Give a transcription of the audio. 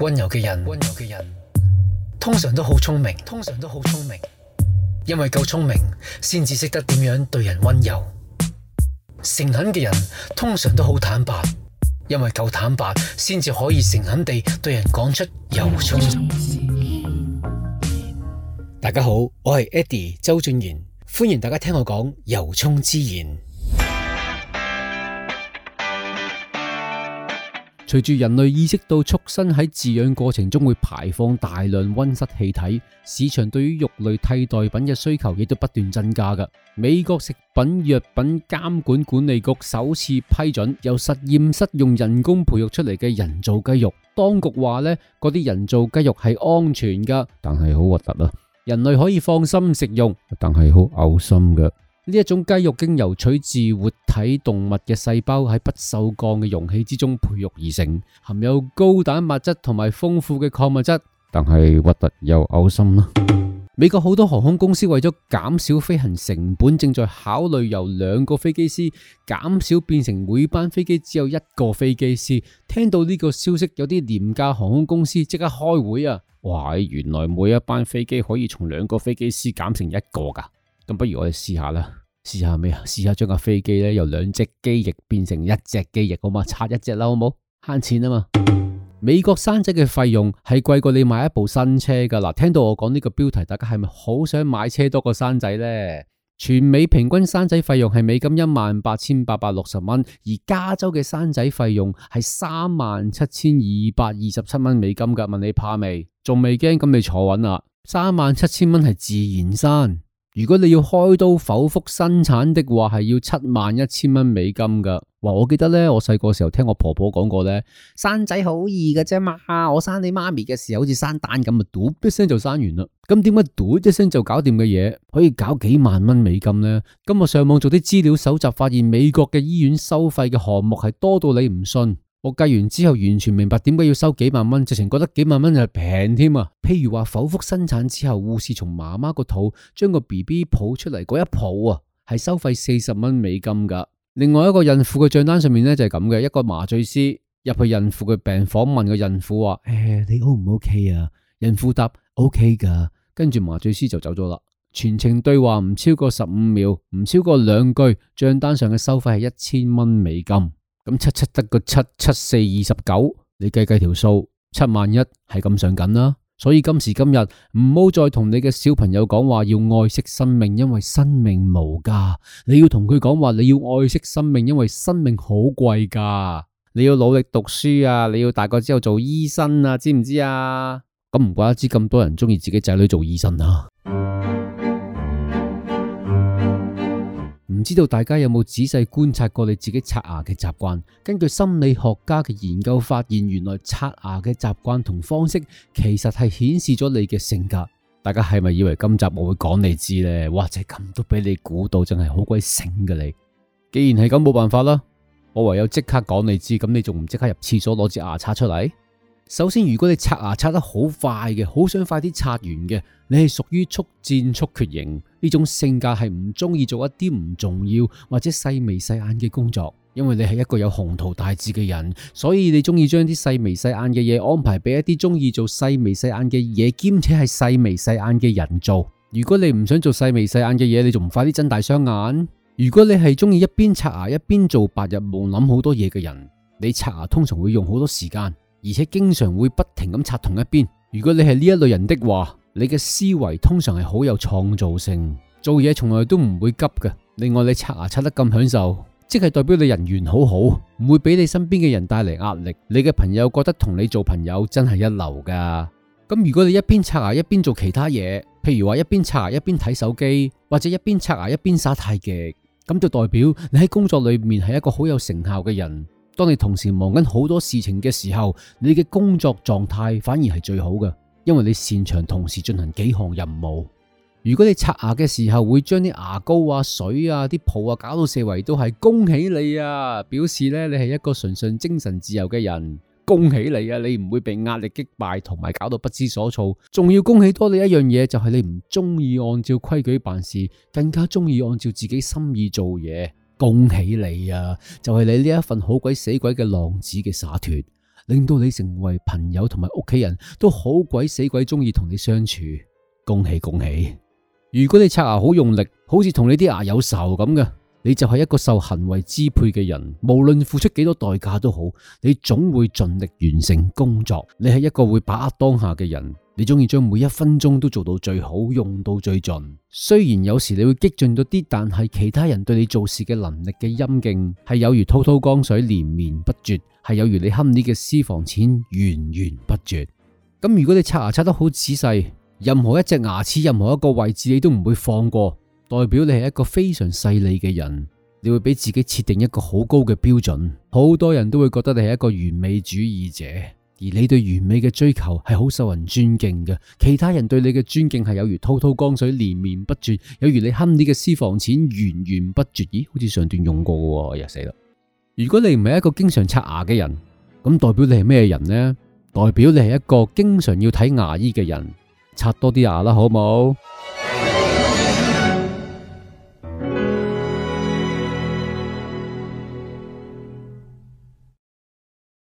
溫柔嘅人，溫柔嘅人通常都好聰明，通常都好聰明，因為夠聰明先至識得點樣對人溫柔。誠懇嘅人通常都好坦白，因為夠坦白先至可以誠懇地對人講出由衷之言。大家好，我係 Eddie 周俊賢，歡迎大家聽我講由衷之言。隨住人類意識到畜生喺飼養過程中會排放大量溫室氣體，市場對於肉類替代品嘅需求亦都不斷增加噶。美國食品藥品監管管理局首次批准由實驗室用人工培育出嚟嘅人造雞肉，當局話呢，嗰啲人造雞肉係安全噶，但係好核突呀。人類可以放心食用，但係好嘔心㗎。呢一種雞肉經由取自活體動物嘅細胞喺不鏽鋼嘅容器之中培育而成，含有高蛋白質同埋豐富嘅礦物質，但係核突又嘔心啦。美國好多航空公司為咗減少飛行成本，正在考慮由兩個飛機師減少變成每班飛機只有一個飛機師。聽到呢個消息，有啲廉價航空公司即刻開會啊！哇，原來每一班飛機可以從兩個飛機師減成一個㗎，咁不如我哋試下啦。試下未啊？試下將架飛機咧，由兩隻機翼變成一隻機翼，好嘛？拆一隻啦，好冇？慳錢啊嘛！美國生仔嘅費用係貴過你買一部新車噶啦。聽到我講呢個標題，大家係咪好想買車多過生仔呢？全美平均生仔費用係美金一萬八千八百六十蚊，而加州嘅生仔費用係三萬七千二百二十七蚊美金噶。問你怕未？仲未驚咁？你坐穩啦，三萬七千蚊係自然生。如果你要開刀剖腹生產的話，係要七萬一千蚊美金㗎。哇！我記得呢，我細個時候聽我婆婆講過呢：「生仔好易嘅啫嘛。我生你媽咪嘅時候，好似生蛋咁，啊，嘟一聲就生完啦。咁點解嘟一聲就搞掂嘅嘢，可以搞幾萬蚊美金呢？」今日上網做啲資料搜集，發現美國嘅醫院收費嘅項目係多到你唔信。我計完之後，完全明白點解要收幾萬蚊，直情覺得幾萬蚊係平添啊。譬如話剖腹生產之後，護士從媽媽個肚將個 B B 抱出嚟嗰一抱啊，係收費四十蚊美金噶。另外一個孕婦嘅賬單上面呢，就係咁嘅，一個麻醉師入去孕婦嘅病房問個孕婦話：，誒、欸，你 O 唔 O K 啊？孕婦答 O K 噶，okay、的跟住麻醉師就走咗啦。全程對話唔超過十五秒，唔超過兩句，賬單上嘅收費係一千蚊美金。咁七七得個七七四二十九，你計計條數，七萬一係咁上緊啦。所以今時今日唔好再同你嘅小朋友講話要愛惜生命，因為生命無價。你要同佢講話，你要愛惜生命，因為生命好貴噶。你要努力讀書啊，你要大個之後做醫生啊，知唔知啊？咁唔怪得知咁多人中意自己仔女做醫生啊。唔知道大家有冇仔細觀察過你自己刷牙嘅習慣？根據心理學家嘅研究發現，原來刷牙嘅習慣同方式其實係顯示咗你嘅性格。大家係咪以為今集我會講你知呢？或者係咁都俾你估到，真係好鬼醒嘅你。既然係咁，冇辦法啦，我唯有即刻講你知。咁你仲唔即刻入廁所攞支牙刷出嚟？首先，如果你刷牙刷得好快嘅，好想快啲刷完嘅，你係屬於速戰速決型呢種性格，係唔中意做一啲唔重要或者細眉細眼嘅工作，因為你係一個有宏圖大志嘅人，所以你中意將啲細眉細眼嘅嘢安排俾一啲中意做細眉細眼嘅嘢，兼且係細眉細眼嘅人做。如果你唔想做細眉細眼嘅嘢，你仲唔快啲睜大雙眼？如果你係中意一邊刷牙一邊做白日夢、諗好多嘢嘅人，你刷牙通常會用好多時間。而且經常會不停咁刷同一邊。如果你係呢一類人的話，你嘅思維通常係好有創造性，做嘢從來都唔會急㗎。另外，你刷牙刷得咁享受，即係代表你人緣好好，唔會俾你身邊嘅人帶嚟壓力。你嘅朋友覺得同你做朋友真係一流㗎。咁如果你一邊刷牙一邊做其他嘢，譬如話一邊刷牙一邊睇手機，或者一邊刷牙一邊耍太極，咁就代表你喺工作裏面係一個好有成效嘅人。當你同時忙緊好多事情嘅時候，你嘅工作狀態反而係最好嘅，因為你擅長同時進行幾項任務。如果你刷牙嘅時候會將啲牙膏啊、水啊、啲泡啊搞到四圍都係，恭喜你啊！表示呢你係一個純粹精神自由嘅人，恭喜你啊！你唔會被壓力擊敗，同埋搞到不知所措。仲要恭喜多你一樣嘢，就係你唔中意按照規矩辦事，更加中意按照自己心意做嘢。恭喜你啊！就係你呢一份好鬼死鬼嘅浪子嘅灑脫，令到你成為朋友同埋屋企人都好鬼死鬼中意同你相處。恭喜恭喜！如果你刷牙好用力，好似同你啲牙有仇咁嘅，你就係一個受行為支配嘅人。無論付出幾多代價都好，你總會盡力完成工作。你係一個會把握當下嘅人。你中意將每一分鐘都做到最好，用到最盡。雖然有時你會激進到啲，但係其他人對你做事嘅能力嘅陰莖，係有如滔滔江水連綿不絕，係有如你慳啲嘅私房錢源源不絕。咁如果你刷牙刷得好仔細，任何一隻牙齒，任何一個位置，你都唔會放過，代表你係一個非常細膩嘅人。你會俾自己設定一個好高嘅標準，好多人都會覺得你係一個完美主義者。而你對完美嘅追求係好受人尊敬嘅，其他人對你嘅尊敬係有如滔滔江水連綿不絕，有如你慳啲嘅私房錢源源不絕。咦，好似上段用過喎，又死啦！如果你唔係一個經常刷牙嘅人，咁代表你係咩人呢？代表你係一個經常要睇牙醫嘅人，刷多啲牙啦，好冇？